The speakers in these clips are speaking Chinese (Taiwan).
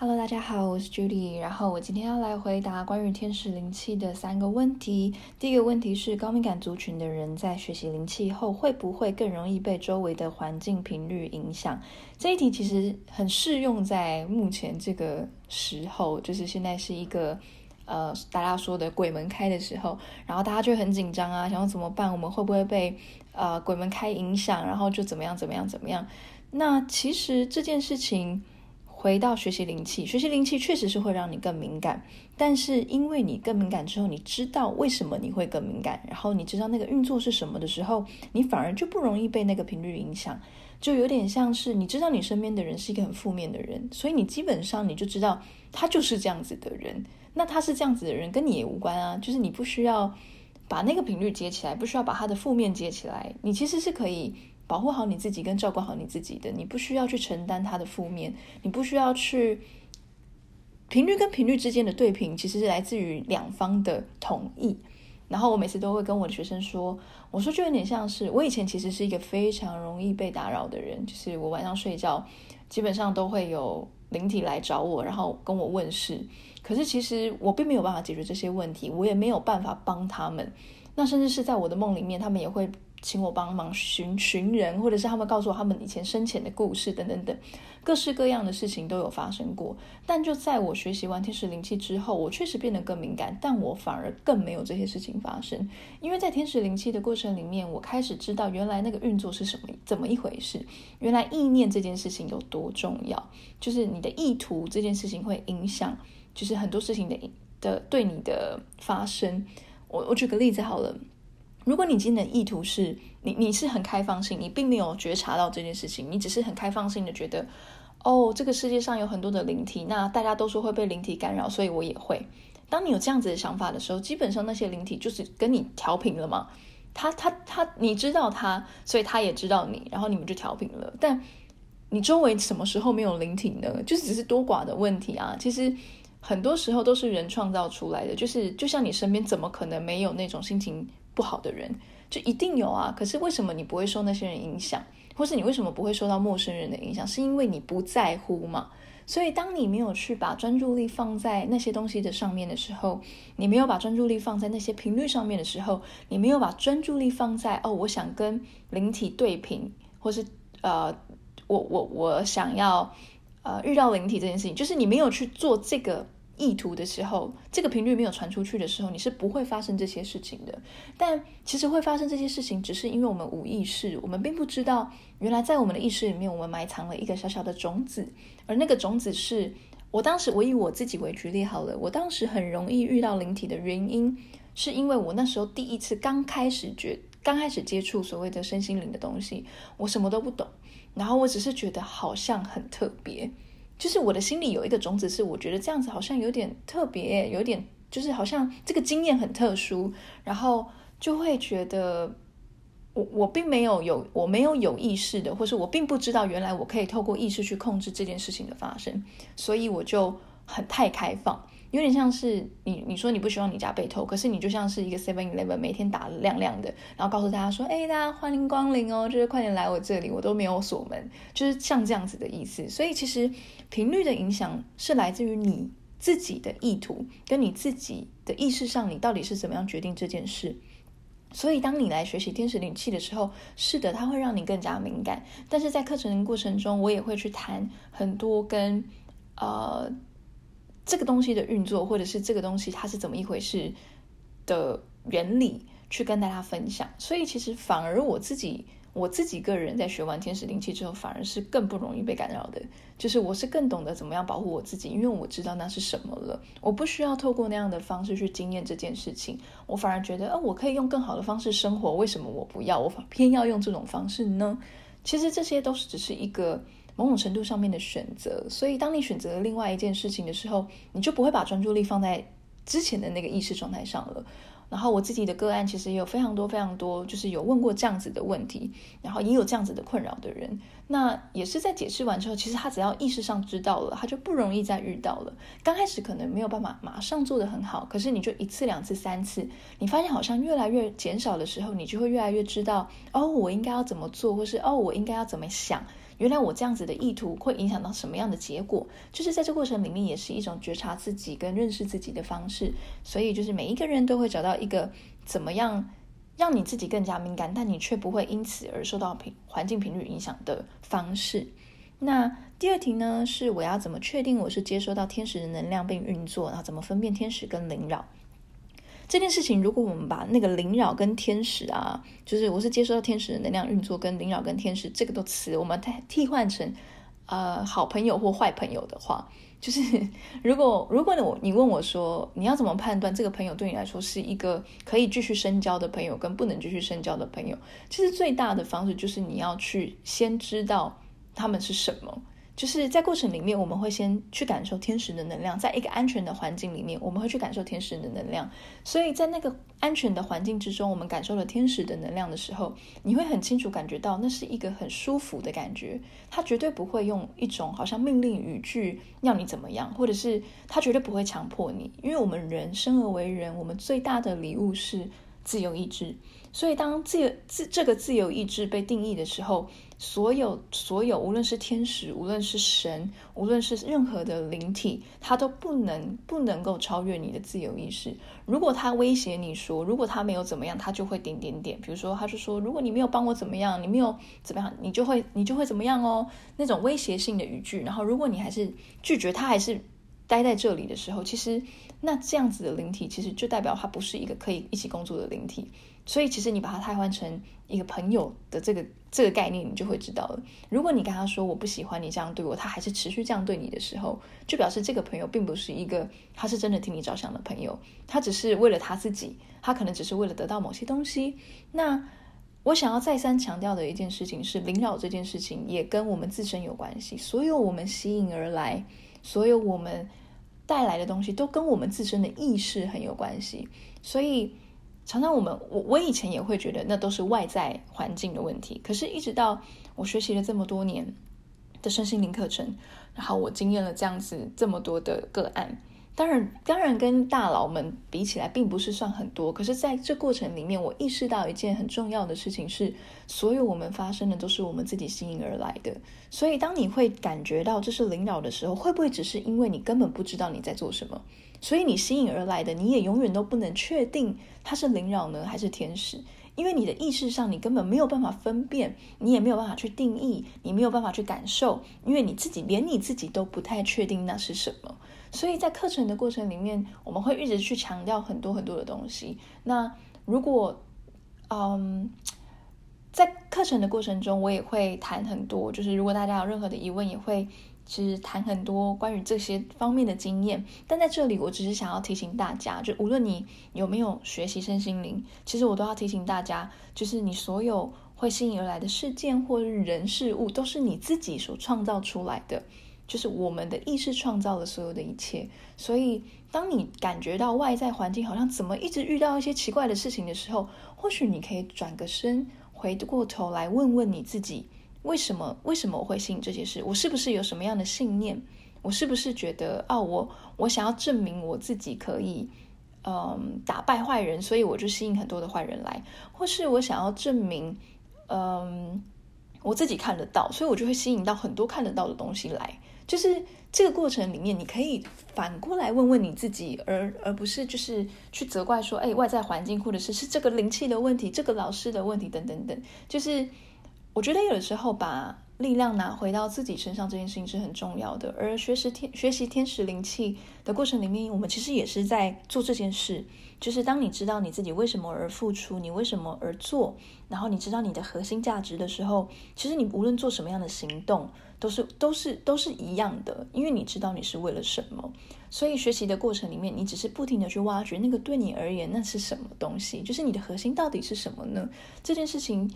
哈囉大家好，我是 Judy。然後我今天要來回答關於天使靈氣的三個問題。第一個問題是，高敏感族群的人在學習靈氣後，會不會更容易被周圍的環境頻率影響？這一題其實很適用在目前這個時候，就是現在是一個呃大家說的鬼門開的時候，然後大家就很緊張啊，想要怎麼辦？我們會不會被呃鬼門開影響？然後就怎麼樣怎麼樣怎麼樣？那其實這件事情。回到學習靈氣，學習靈氣確實是會讓你更敏感，但是因為你更敏感之後，你知道為什麼你會更敏感，然後你知道那個運作是什麼的時候，你反而就不容易被那個頻率影響，就有點像是你知道你身邊的人是一個很負面的人，所以你基本上你就知道他就是這樣子的人，那他是這樣子的人跟你也無關啊，就是你不需要把那個頻率接起來，不需要把他的負面接起來，你其實是可以，保護好你自己，跟照顧好你自己的，你不需要去承擔他的負面，你不需要去頻率跟頻率之間的對頻，其實是來自於兩方的同意。然後我每次都會跟我的學生說，我說就有點像是我以前其實是一個非常容易被打擾的人，就是我晚上睡覺基本上都會有靈體來找我，然後跟我問事。可是其實我並沒有辦法解決這些問題，我也沒有辦法幫他們。那甚至是在我的夢裡面，他們也會。請我幫忙尋尋人，或者是他們告訴我他們以前生前的故事等等等，各式各樣的事情都有發生過。但就在我學習完天使靈氣之後，我確實變得更敏感，但我反而更沒有這些事情發生。因為在天使靈氣的過程裡面，我開始知道原來那個運作是什麼，怎麼一回事。原來意念這件事情有多重要，就是你的意圖這件事情會影響，就是很多事情的的對你的發生。我我舉個例子好了。如果你今天的意圖是你你是很開放性，你並沒有覺察到這件事情，你只是很開放性的覺得，哦，這個世界上有很多的靈體，那大家都說會被靈體干擾，所以我也會。當你有這樣子的想法的時候，基本上那些靈體就是跟你調頻了嘛。他他他，你知道他，所以他也知道你，然後你們就調頻了。但你周圍什麼時候沒有靈體呢？就是只是多寡的問題啊。其實很多時候都是人創造出來的，就是就像你身邊，怎麼可能沒有那種心情？不好的人就一定有啊，可是為什麼你不會受那些人影響，或是你為什麼不會受到陌生人的影響？是因為你不在乎嘛？所以當你沒有去把專注力放在那些東西的上面的時候，你沒有把專注力放在那些頻率上面的時候，你沒有把專注力放在哦，我想跟靈體對頻，或是呃，我我我想要呃遇到靈體這件事情，就是你沒有去做這個。意圖的時候，這個頻率沒有傳出去的時候，你是不會發生這些事情的。但其實會發生這些事情，只是因為我們無意識，我們並不知道，原來在我們的意識裡面，我們埋藏了一個小小的種子。而那個種子是我當時我以我自己為舉例好了，我當時很容易遇到靈體的原因，是因為我那時候第一次剛開始覺剛開始接觸所謂的身心靈的東西，我什麼都不懂，然後我只是覺得好像很特別。就是我的心裡有一個種子，是我覺得這樣子好像有點特別，有點就是好像這個經驗很特殊，然後就會覺得我我並沒有有我沒有有意識的，或是我並不知道原來我可以透過意識去控制這件事情的發生，所以我就很太開放。有點像是你，你說你不希望你家被偷，可是你就像是一個 Seven Eleven 每天打亮亮的，然後告訴大家說：“哎，大家歡迎光臨哦，就是快點來我這裡，我都沒有鎖門。”就是像這樣子的意思。所以其實頻率的影響是來自於你自己的意圖，跟你自己的意識上，你到底是怎麼樣決定這件事。所以當你來學習天使靈氣的時候，是的，它會讓你更加敏感。但是在課程過程中，我也會去談很多跟呃。這個東西的運作，或者是這個東西它是怎麼一回事的原理，去跟大家分享。所以其實反而我自己，我自己個人在學完天使靈氣之後，反而是更不容易被干擾的。就是我是更懂得怎麼樣保護我自己，因為我知道那是什麼了。我不需要透過那樣的方式去經驗這件事情。我反而覺得，哦，我可以用更好的方式生活。為什麼我不要？我偏要用這種方式呢？其實這些都是只是一個。某種程度上面的選擇，所以當你選擇另外一件事情的時候，你就不會把專注力放在之前的那個意識狀態上了。然後我自己的個案其實也有非常多非常多，就是有問過這樣子的問題，然後也有這樣子的困擾的人。那也是在解釋完之後，其實他只要意識上知道了，他就不容易再遇到了。剛開始可能沒有辦法馬上做得很好，可是你就一次、兩次、三次，你發現好像越來越減少的時候，你就會越來越知道哦，我應該要怎麼做，或是哦，我應該要怎麼想。原來我這樣子的意圖會影響到什麼樣的結果，就是在這過程裡面也是一種覺察自己跟認識自己的方式。所以就是每一個人都會找到一個怎麼樣。讓你自己更加敏感，但你卻不會因此而受到環境頻率影響的方式。那第二題呢？是我要怎麼確定我是接收到天使的能量並運作，然後怎麼分辨天使跟靈擾這件事情？如果我們把那個靈擾跟天使啊，就是我是接收到天使的能量運作跟靈擾跟天使這個的詞，我們替換成呃好朋友或壞朋友的話。就是，如果如果你問我說，你要怎麼判斷這個朋友對你來說是一個可以繼續深交的朋友，跟不能繼續深交的朋友？其實最大的方式就是你要去先知道他們是什麼。就是在過程裡面，我們會先去感受天使的能量，在一個安全的環境裡面，我們會去感受天使的能量。所以在那個安全的環境之中，我們感受了天使的能量的時候，你會很清楚感覺到那是一個很舒服的感覺。他絕對不會用一種好像命令語句要你怎麼樣，或者是他絕對不會強迫你，因為我們人生而為人，我們最大的禮物是自由意志。所以當自由自這個自由意志被定義的時候。所有所有，無論是天使，無論是神，無論是任何的靈體，它都不能不能夠超越你的自由意識。如果他威脅你說，如果他沒有怎麼樣，他就會點點點。比如說，他就說，如果你沒有幫我怎麼樣，你沒有怎麼樣，你就會你就會怎麼樣哦，那種威脅性的語句。然後，如果你還是拒絕，他還是。待在這裡的時候，其實那這樣子的靈體，其實就代表他不是一個可以一起工作的靈體。所以，其實你把它替換成一個朋友的這個這個概念，你就會知道了。如果你跟他說“我不喜歡你這樣對我”，他還是持續這樣對你的時候，就表示這個朋友並不是一個他是真的替你着想的朋友，他只是為了他自己，他可能只是為了得到某些東西。那我想要再三強調的一件事情是，靈擾這件事情也跟我們自身有關係，所有我們吸引而來。所有我們帶來的東西都跟我們自身的意識很有關係。所以常常我們，我我以前也會覺得那都是外在環境的問題。可是，一直到我學習了這麼多年的身心靈課程，然後我經驗了這樣子這麼多的個案。當然，當然跟大佬們比起來，並不是算很多。可是，在這過程裡面，我意識到一件很重要的事情是：所有我們發生的，都是我們自己吸引而來的。所以，當你會感覺到這是靈擾的時候，會不會只是因為你根本不知道你在做什麼？所以，你吸引而來的，你也永遠都不能確定它是靈擾呢，還是天使？因為你的意識上，你根本沒有辦法分辨，你也沒有辦法去定義，你沒有辦法去感受，因為你自己連你自己都不太確定那是什麼。所以在課程的過程裡面，我們會一直去強調很多很多的東西。那如果，嗯，在課程的過程中，我也會談很多，就是如果大家有任何的疑問，也會其實談很多關於這些方面的經驗。但在這裡，我只是想要提醒大家，就無論你有沒有學習身心靈，其實我都要提醒大家，就是你所有會吸引而來的事件或是人事物，都是你自己所創造出來的。就是我們的意識創造了所有的一切，所以當你感覺到外在環境好像怎麼一直遇到一些奇怪的事情的時候，或許你可以轉個身，回過頭來問問你自己：為什麼？為什麼我會吸引這些事？我是不是有什麼樣的信念？我是不是覺得啊、哦，我我想要證明我自己可以，嗯，打敗壞人，所以我就吸引很多的壞人來；或是我想要證明，嗯，我自己看得到，所以我就會吸引到很多看得到的東西來。就是這個過程裡面，你可以反過來問問你自己而，而而不是就是去責怪說，哎，外在環境或者是是這個靈氣的問題，這個老師的問題等等等。就是我覺得有的時候吧。力量拿回到自己身上這件事情是很重要的，而學習天學習天使靈氣的過程裡面，我們其實也是在做這件事。就是當你知道你自己為什麼而付出，你為什麼而做，然後你知道你的核心價值的時候，其實你無論做什麼樣的行動，都是都是都是一樣的，因為你知道你是為了什麼。所以學習的過程裡面，你只是不停地去挖掘那個對你而言那是什麼東西，就是你的核心到底是什麼呢？這件事情。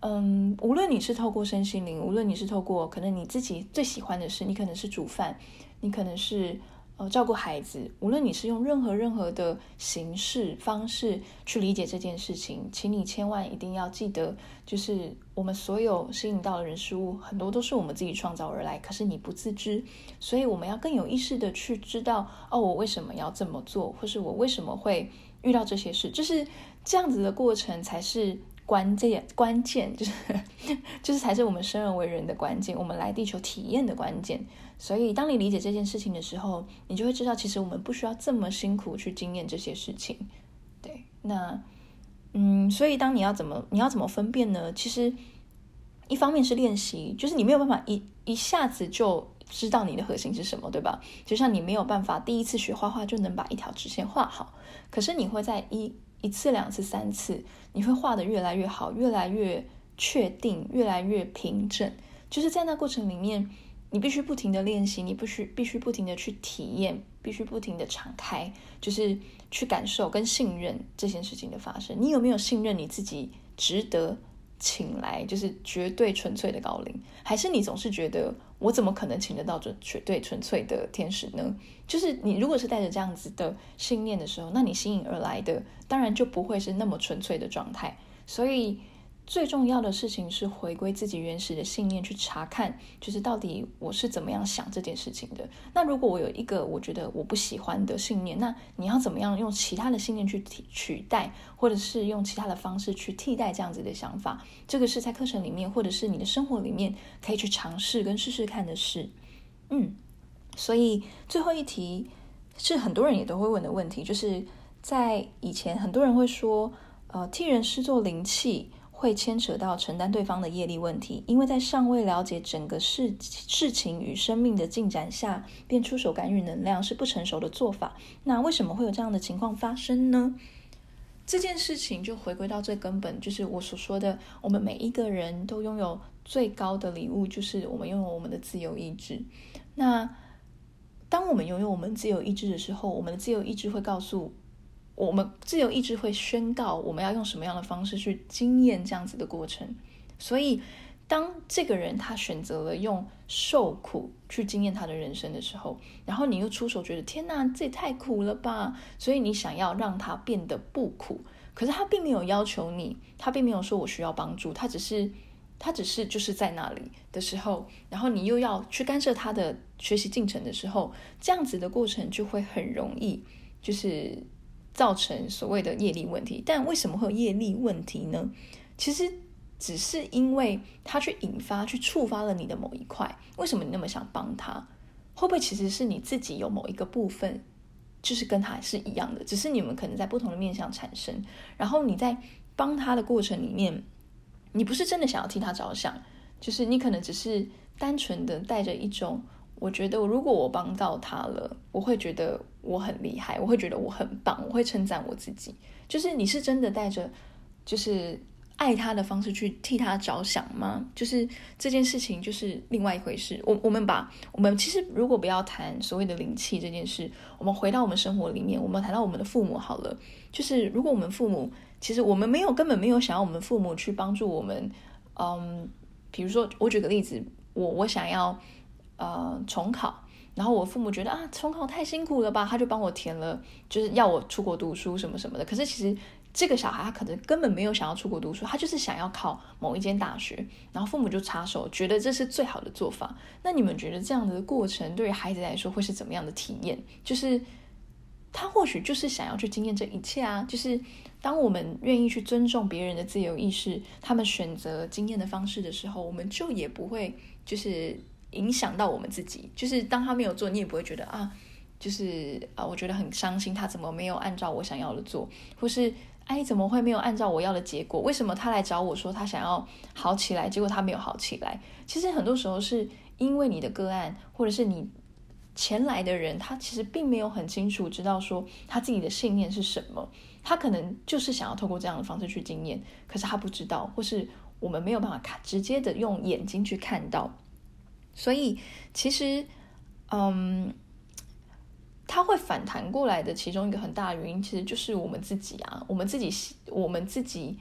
嗯，無論你是透過身心靈，無論你是透過可能你自己最喜歡的事，你可能是煮飯，你可能是呃照顧孩子，無論你是用任何任何的形式方式去理解這件事情，請你千萬一定要記得，就是我們所有吸引到的人事物，很多都是我們自己創造而來，可是你不自知，所以我們要更有意識的去知道，哦，我為什麼要這麼做，或是我為什麼會遇到這些事，就是這樣子的過程才是。關鍵關鍵就是 就是才是我們生而為人的關鍵，我們來地球體驗的關鍵。所以，當你理解這件事情的時候，你就會知道，其實我們不需要這麼辛苦去經驗這些事情。對，那嗯，所以當你要怎麼你要怎麼分辨呢？其實，一方面是練習，就是你沒有辦法一一下子就知道你的核心是什麼，對吧？就像你沒有辦法第一次學畫畫就能把一條直線畫好，可是你會在一一次、兩次、三次，你會畫得越來越好，越來越確定，越來越平整。就是在那過程裡面，你必須不停的練習，你必須必須不停的去體驗，必須不停的敞開，就是去感受跟信任這件事情的發生。你有沒有信任你自己值得？請來就是絕對純粹的高齡，還是你總是覺得，我怎麼可能請得到這絕對純粹的天使呢？就是你如果是帶着這樣子的信念的時候，那你吸引而來的當然就不會是那麼純粹的狀態，所以。最重要的事情是回歸自己原始的信念，去查看，就是到底我是怎麼樣想這件事情的。那如果我有一個我覺得我不喜歡的信念，那你要怎麼樣用其他的信念去替取代，或者是用其他的方式去替代這樣子的想法？這個是在課程裡面，或者是你的生活裡面可以去嘗試跟試試看的事。嗯，所以最後一題是很多人也都會問的問題，就是在以前很多人會說，呃，替人施作靈氣。會牽扯到承擔對方的業力問題，因為在尚未了解整個事事情與生命的進展下，便出手干預能量是不成熟的做法。那為什麼會有這樣的情況發生呢？這件事情就回歸到最根本，就是我所說的，我們每一個人都擁有最高的禮物，就是我們擁有我們的自由意志。那當我們擁有我們自由意志的時候，我們的自由意志會告訴。我們自由意志會宣告我們要用什麼樣的方式去經驗這樣子的過程，所以當這個人他選擇了用受苦去經驗他的人生的時候，然後你又出手覺得天哪，這也太苦了吧！所以你想要讓他變得不苦，可是他並沒有要求你，他並沒有說我需要幫助，他只是他只是就是在那裡的時候，然後你又要去干涉他的學習進程的時候，這樣子的過程就會很容易就是。造成所謂的業力問題，但為什麼會有業力問題呢？其實只是因為他去引發、去觸發了你的某一塊。為什麼你那麼想幫他？會不會其實是你自己有某一個部分，就是跟他是一樣的？只是你們可能在不同的面向產生。然後你在幫他的過程裡面，你不是真的想要替他着想，就是你可能只是單純的帶着一種我覺得，如果我幫到他了，我會覺得我很厲害，我會覺得我很棒，我會稱讚我自己。就是你是真的帶着就是愛他的方式去替他着想嗎？就是這件事情就是另外一回事。我我們把我們其實如果不要談所謂的靈氣這件事，我們回到我們生活裡面，我們談到我們的父母好了。就是如果我們父母其實我們沒有根本沒有想要我們父母去幫助我們，嗯，比如說我舉個例子，我我想要。呃，重考，然後我父母覺得啊，重考太辛苦了吧，他就幫我填了，就是要我出國讀書什麼什麼的。可是其實這個小孩他可能根本沒有想要出國讀書，他就是想要考某一間大學。然後父母就插手，覺得這是最好的做法。那你們覺得這樣的過程對於孩子來說會是怎麼樣的體驗？就是他或許就是想要去經驗這一切啊。就是當我們願意去尊重別人的自由意志，他們選擇經驗的方式的時候，我們就也不會就是。影響到我們自己，就是當他沒有做，你也不會覺得啊，就是啊，我覺得很傷心，他怎麼沒有按照我想要的做，或是哎，啊，怎麼會沒有按照我要的結果？為什麼他來找我說他想要好起來，結果他沒有好起來？其實很多時候是因為你的個案，或者是你前來的人，他其實並沒有很清楚知道說他自己的信念是什麼，他可能就是想要透過這樣的方式去經驗，可是他不知道，或是我們沒有辦法看，直接的用眼睛去看到。所以，其實，嗯，他會反彈過來的。其中一個很大的原因，其實就是我們自己啊，我們自己，我們自己，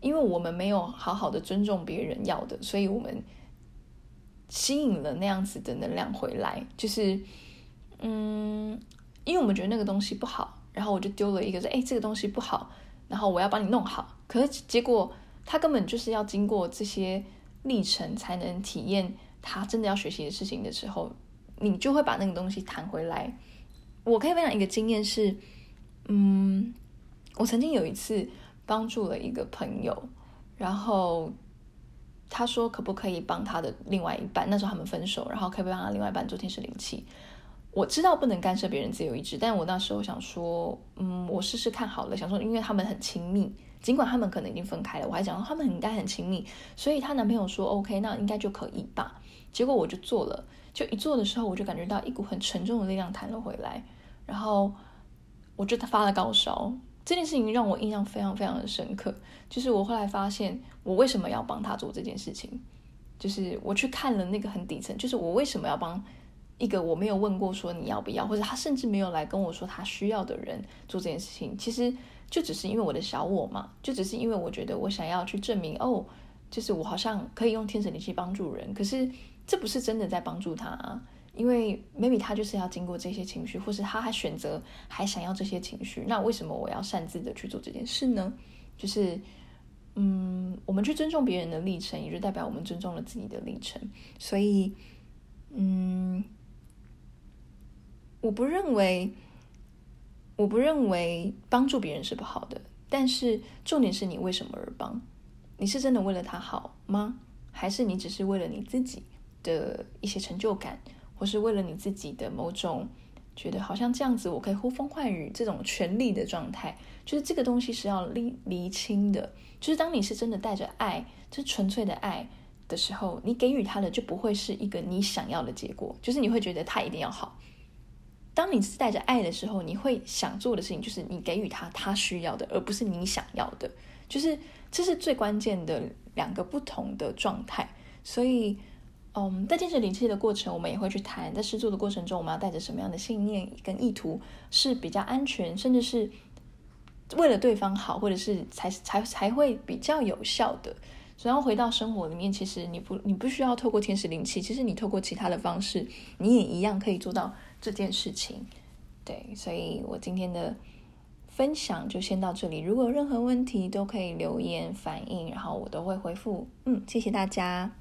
因為我們沒有好好的尊重別人要的，所以我們吸引了那樣子的能量回來。就是，嗯，因為我們覺得那個東西不好，然後我就丟了一個說：“哎，這個東西不好。”然後我要幫你弄好，可是結果他根本就是要經過這些歷程才能體驗。他真的要學習的事情的時候，你就會把那個東西彈回來。我可以分享一個經驗是，嗯，我曾經有一次幫助了一個朋友，然後他說可不可以幫他的另外一半？那時候他們分手，然後可不可以讓他另外一半做天使靈氣？我知道不能干涉別人自由意志，但我那時候想說，嗯，我試試看好了。想說，因為他們很親密，儘管他們可能已經分開了，我還說他們應該很親密，所以她男朋友說 OK，那應該就可以吧。結果我就做了，就一做的時候，我就感覺到一股很沉重的力量彈了回來，然後我就發了高燒。這件事情讓我印象非常非常的深刻，就是我後來發現，我為什麼要幫他做這件事情？就是我去看了那個很底層，就是我為什麼要幫一個我沒有問過說你要不要，或者他甚至沒有來跟我說他需要的人做這件事情，其實就只是因為我的小我嘛，就只是因為我覺得我想要去證明，哦，就是我好像可以用天使靈氣去幫助人，可是。這不是真的在幫助他啊，因為 maybe 他就是要經過這些情緒，或是他還選擇還想要這些情緒。那為什麼我要擅自的去做這件事呢？就是，嗯，我們去尊重別人的歷程，也就代表我們尊重了自己的歷程。所以，嗯，我不認為，我不認為幫助別人是不好的。但是重點是你為什麼而幫？你是真的為了他好嗎？還是你只是為了你自己？的一些成就感，或是為了你自己的某種覺得好像這樣子，我可以呼風喚雨這種權力的狀態，就是這個東西是要釐釐清的。就是當你是真的帶着愛，就是純粹的愛的時候，你給予他的就不會是一個你想要的結果，就是你會覺得他一定要好。當你是帶着愛的時候，你會想做的事情就是你給予他他需要的，而不是你想要的。就是這是最關鍵的兩個不同的狀態，所以。嗯，um, 在天使靈氣的過程，我們也會去談，在施作的過程中，我們要帶着什麼樣的信念跟意圖是比較安全，甚至是為了對方好，或者是才才才會比較有效的。所以要回到生活裡面，其實你不你不需要透過天使靈氣，其實你透過其他的方式，你也一樣可以做到這件事情。對，所以我今天的分享就先到這裡。如果有任何問題，都可以留言反映，然後我都會回復。嗯，謝謝大家。